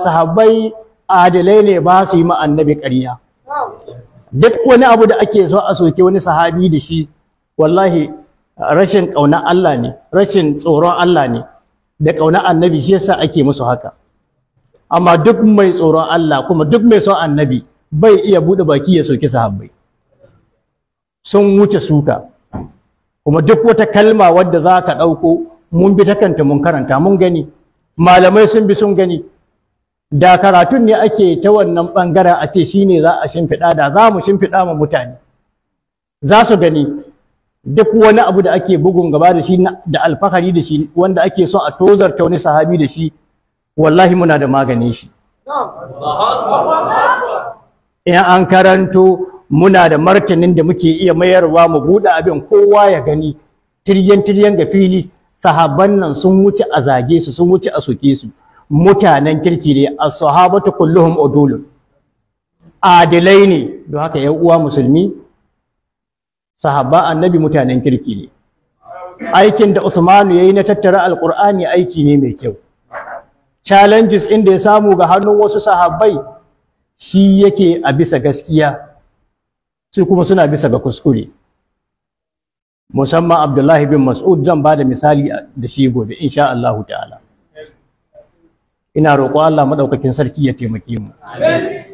sahabbai adalai ne ba su yi annabi ƙarya duk wani abu da ake so a soke wani sahabi da shi wallahi rashin ƙaunar Allah ne rashin tsoron Allah ne da ƙaunar annabi shi yasa ake musu haka amma duk mai tsoron Allah kuma duk mai son annabi bai iya buɗe baki ya soki sahabbai sun wuce suka kuma duk wata kalma wadda za ka ɗauko mun bi ta kanta mun karanta mun gani malamai sun bi sun gani da karatun ne ake ta wannan bangaren a ce shi ne za a shimfiɗa da za mu shimfiɗa ma mutane za su gani duk wani abu da ake bugun gaba da shi da alfahari da shi wanda ake so a tozarta wani sahabi da shi wallahi muna da maganin shi in an karanto muna da martanin da muke iya mayarwa mu buɗe abin kowa ya gani tiryan tiryan ga fili sahabban nan sun wuce a zage su sun wuce a soke su mutanen kirki ne as-sahabatu kulluhum udulun adilai ne don haka yan uwa musulmi sahaba annabi mutanen kirki ne aikin da Usmanu ya yi na tattara alqur'ani aiki ne mai kyau challenges inda ya samu ga hannun wasu sahabbai shi yake a bisa gaskiya su kuma suna bisa ga kuskure musamman Abdullahi bin Mas'ud zan ba da misali da shi gobe insha Allah ta'ala ina roƙo Allah madaukakin sarki ya taimake mu amin